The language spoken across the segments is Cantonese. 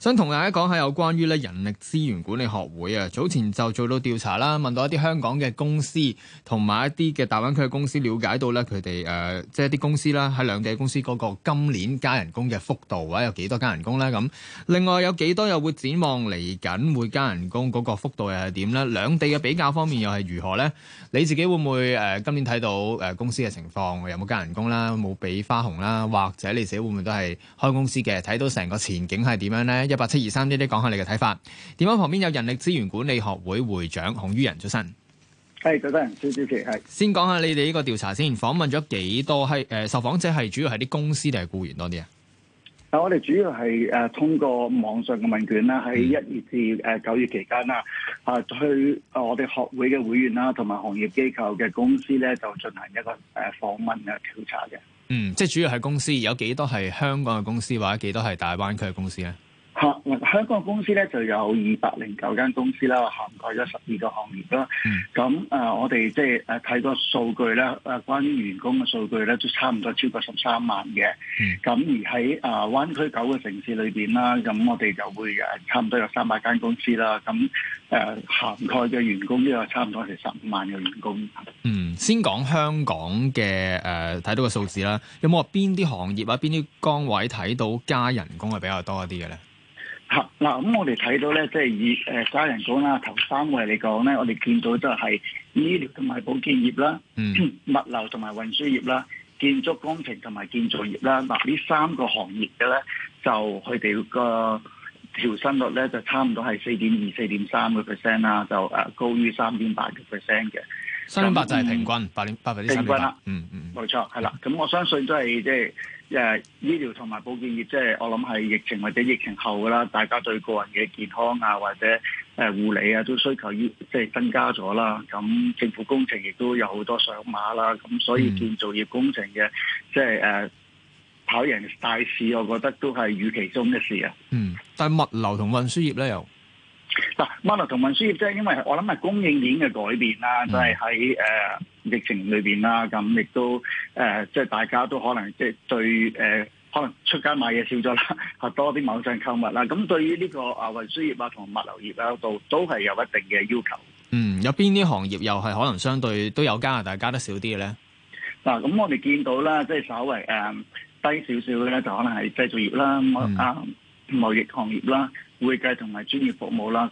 想同大家講下有關於咧人力資源管理學會啊，早前就做到調查啦，問到一啲香港嘅公司同埋一啲嘅大灣區嘅公司，了解到咧佢哋誒即係一啲公司啦，喺兩地公司嗰個今年加人工嘅幅度或者有幾多加人工咧？咁另外有幾多又會展望嚟緊會加人工嗰個幅度又係點咧？兩地嘅比較方面又係如何咧？你自己會唔會誒、呃、今年睇到公司嘅情況有冇加人工啦，冇有俾有花紅啦，或者你自己會唔會都係開公司嘅？睇到成個前景係點樣咧？一八七二三一啲講下你嘅睇法，電話旁邊有人力資源管理學會會長孔于人出身，係主持人朱兆先講下你哋呢個調查先。訪問咗幾多係？誒、呃，受訪者係主要係啲公司定係僱員多啲啊？嗱，我哋主要係誒通過網上嘅問卷啦，喺一月至誒九月期間啦，啊、嗯、去我哋學會嘅會員啦，同埋行業機構嘅公司咧，就進行一個誒訪問嘅調查嘅。嗯，即係主要係公司有幾多係香港嘅公司，或者幾多係大灣區嘅公司咧？香港公司咧就有二百零九間公司啦，涵蓋咗十二個行業啦。咁、嗯呃、我哋即係誒睇個數據咧，誒關於員工嘅數據咧，都差唔多超過十三萬嘅。咁、嗯、而喺啊灣區九個城市裏邊啦，咁我哋就會誒差唔多有三百間公司啦。咁誒涵蓋嘅員工呢就差唔多係十五萬嘅員工。嗯，先講香港嘅誒睇到個數字啦。有冇話邊啲行業啊？邊啲崗位睇到加人工係比較多一啲嘅咧？嗱，咁我哋睇到咧，即係以誒三人股啦、頭三位嚟講咧，我哋見到就係醫療同埋保健業啦、物流同埋運輸業啦、建築工程同埋建造業啦，嗱呢三個行業嘅咧，就佢哋個調薪率咧，就差唔多係四點二、四點三個 percent 啦，就誒高於三點八個 percent 嘅。三點八就係平均，嗯、百分之三點八平均啦、嗯，嗯嗯，冇錯，係啦。咁我相信都係即係誒，醫療同埋保健業，即係我諗係疫情或者疫情後噶啦，大家對個人嘅健康啊或者誒護理啊都需求要即係增加咗啦。咁政府工程亦都有好多上馬啦，咁所以建造業工程嘅即係誒跑贏大市，我覺得都係預期中嘅事啊。嗯，但係物流同運輸業咧又？嗱，物流同運輸業即係因為我諗係供應鏈嘅改變啦，即係喺誒疫情裏邊啦，咁亦都誒即係大家都可能即係對誒可能出街買嘢少咗啦，係多啲網上購物啦。咁對於呢個啊運輸業啊同物流業啊度都係有一定嘅要求。嗯，有邊啲行業又係可能相對都有加，但係加得少啲嘅咧？嗱、嗯，咁我哋見到啦，即、就、係、是、稍微誒、呃、低少少嘅咧，就可能係製造業啦、外、嗯、啊外貿易行業啦。會計同埋專業服務啦，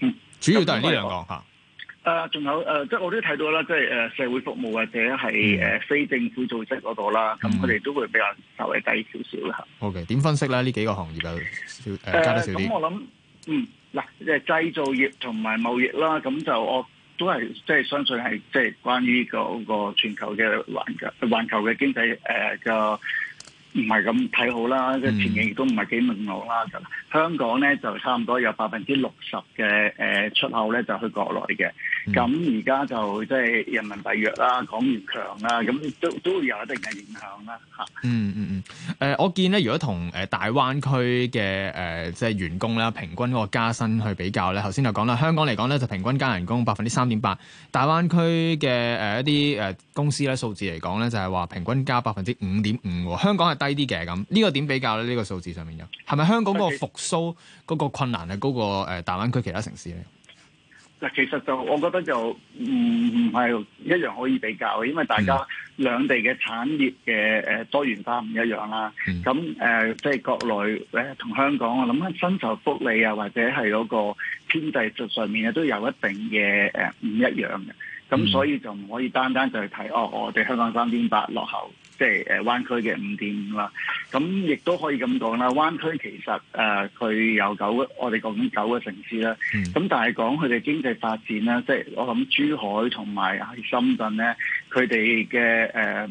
嗯，主要都係呢兩個吓。誒、嗯，仲、啊、有誒、呃，即係我都睇到啦，即係誒社會服務或者係誒非政府組織嗰度啦，咁佢哋都會比較稍微低少少啦吓。好點、嗯 okay, 分析咧？呢幾個行業啊，呃呃、加少加低少？咁、呃、我諗，嗯，嗱，即係製造業同埋貿易啦，咁就我都係即係相信係即係關於嗰個全球嘅環環球嘅經濟誒嘅。呃唔係咁睇好啦，即前景亦都唔係幾明朗啦。香港咧就差唔多有百分之六十嘅誒出口咧就去國內嘅。咁而家就即係人民幣弱啦，港元強啦，咁都都會有一定嘅影響啦、吓，嗯嗯嗯、呃。我見咧，如果同大灣區嘅、呃、即係員工啦，平均嗰個加薪去比較咧，頭先就講啦，香港嚟講咧就平均加人工百分之三點八，大灣區嘅一啲公司咧數字嚟講咧就係、是、話平均加百分之五點五喎，香港係低啲嘅咁。呢、這個點比較咧？呢、這個數字上面有係咪香港嗰個復甦嗰個困難係高過大灣區其他城市咧？其實就我覺得就唔唔係一樣可以比較嘅，因為大家、嗯、兩地嘅產業嘅多元化唔一樣啦。咁誒、嗯，即係、呃就是、國內咧同、呃、香港，我諗薪酬福利啊，或者係嗰個編制上上面都有一定嘅誒唔一樣嘅。咁所以就唔可以單單就係睇哦，我哋香港三點八落後。即係誒灣區嘅五點五啦，咁亦都可以咁講啦。灣區其實誒佢，呃、有九個，我哋講緊九個城市啦。咁、嗯、但係講佢哋經濟發展咧，即、就、係、是、我諗珠海同埋喺深圳咧，佢哋嘅誒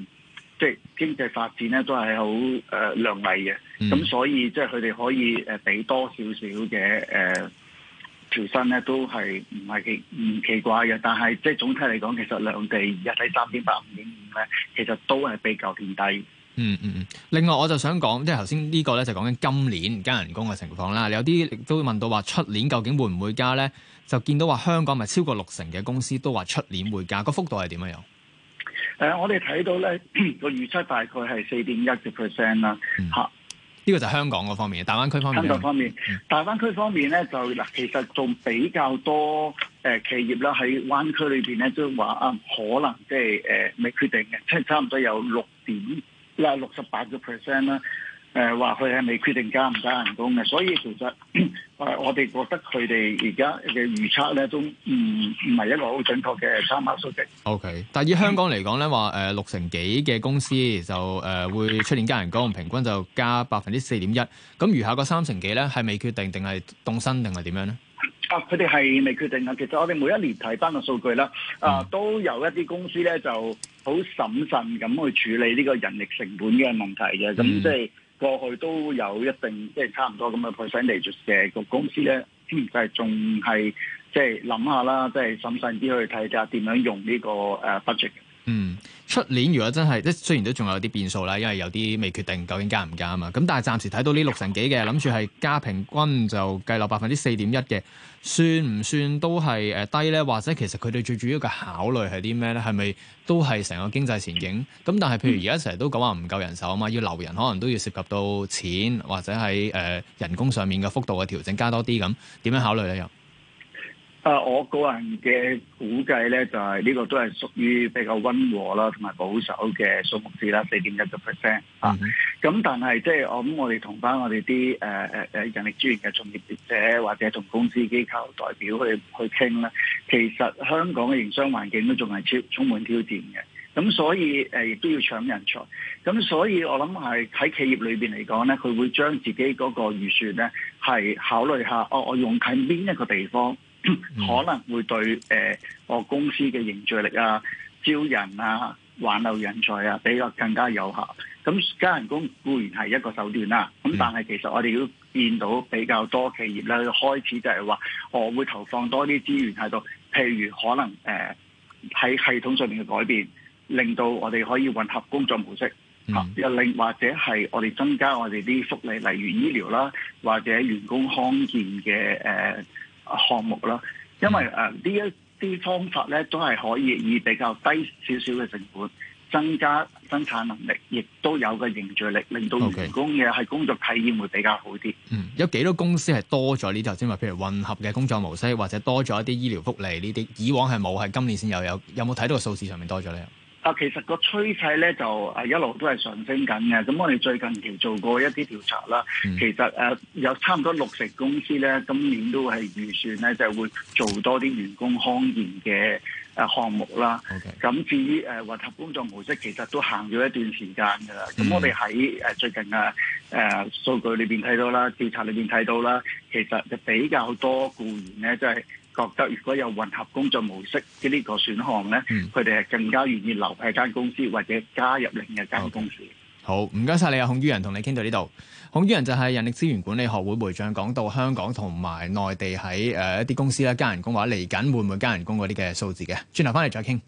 即係經濟發展咧都係好誒亮麗嘅。咁、嗯、所以即係佢哋可以誒俾多少少嘅誒，呃調薪咧都係唔係奇唔奇怪嘅，但係即係總體嚟講，其實兩地一家三點八五點五咧，其實都係比較偏低。嗯嗯嗯。另外我就想講，即係頭先呢個咧就講緊今年加人工嘅情況啦，有啲亦都問到話出年究竟會唔會加咧？就見到話香港咪超過六成嘅公司都話出年會加，個幅度係點樣樣？誒、呃，我哋睇到咧個預測大概係四點一嘅 percent 啦，嚇。嗯呢個就係香港嗰方面，大灣區方面，方面。香港方面，大灣區方面咧、嗯，就嗱，其實仲比較多誒、呃、企業啦，喺灣區裏邊咧，都話啊，可能即係誒未決定嘅，即係差唔多有六點嗱，六十八個 percent 啦。誒話佢係未決定加唔加人工嘅，所以其實誒我哋覺得佢哋而家嘅預測咧都唔唔係一個好準確嘅參考數值。Okay. 但以香港嚟講咧，話誒六成幾嘅公司就誒會出年加人工，平均就加百分之四點一。咁餘下個三成幾咧係未決定定係動身定係點樣咧？啊，佢哋係未決定嘅。其實我哋每一年睇翻個數據咧，啊都有一啲公司咧就好審慎咁去處理呢個人力成本嘅問題嘅。咁即係。嗯過去都有一定，即係差唔多咁嘅 percentage 嘅個公司咧，就係仲係即係諗下啦，即係審慎啲去睇下點樣用呢個誒 budget。嗯。出年如果真係，即雖然都仲有啲變數啦，因為有啲未決定究竟加唔加啊嘛。咁但係暫時睇到呢六成幾嘅，諗住係加平均就計落百分之四點一嘅，算唔算都係呃低咧？或者其實佢哋最主要嘅考慮係啲咩咧？係咪都係成個經濟前景？咁但係譬如而家成日都講話唔夠人手啊嘛，要留人可能都要涉及到錢或者喺、呃、人工上面嘅幅度嘅調整加多啲咁，點樣考慮咧又？啊！我個人嘅估計咧，就係呢個都係屬於比較溫和啦，同埋保守嘅數目字啦，四點一個 percent 啊。咁、mm hmm。但係即係我諗，我哋同翻我哋啲誒誒誒人力資源嘅從業者或者同公司機構代表去去傾咧，其實香港嘅營商環境都仲係超充滿挑戰嘅。咁所以誒，亦都要搶人才。咁所以我諗係喺企業裏邊嚟講咧，佢會將自己嗰個預算咧，係考慮一下，哦，我用喺邊一個地方。嗯、可能會對、呃、我公司嘅凝聚力啊、招人啊、挽留人才啊比較更加有效。咁加人工固然係一個手段啦，咁但係其實我哋都見到比較多企業咧，開始就係話，我會投放多啲資源喺度，譬如可能誒喺、呃、系統上面嘅改變，令到我哋可以混合工作模式又另、嗯啊、或者係我哋增加我哋啲福利，例如醫療啦，或者員工康健嘅項目啦，因為誒呢一啲方法咧，都係可以以比較低少少嘅成本增加生產能力，亦都有個凝聚力，令到員工嘅係工作體驗會比較好啲。Okay. 嗯，有幾多公司係多咗呢，頭先話，譬如混合嘅工作模式，或者多咗一啲醫療福利呢啲，以往係冇，係今年先又有，有冇睇到個數字上面多咗咧？啊，其實個趨勢咧就一路都係上升緊嘅。咁我哋最近期做過一啲調查啦，嗯、其實有差唔多六成公司咧今年都係預算咧就會做多啲員工康健嘅誒項目啦。咁 Okay. 至於誒混合工作模式，其實都行咗一段時間㗎啦。咁我哋喺最近嘅誒、呃、數據裏邊睇到啦，調查裏面睇到啦，其實就比較多僱員咧就係、是。覺得如果有混合工作模式嘅呢個選項咧，佢哋係更加願意留喺間公司或者加入另一間公司。Okay. 好，唔該晒你啊，孔于人，同你傾到呢度。孔于人就係人力資源管理學會會長，講到香港同埋內地喺誒一啲公司啦，加人工，或者嚟緊會唔會加人工嗰啲嘅數字嘅，轉頭翻嚟再傾。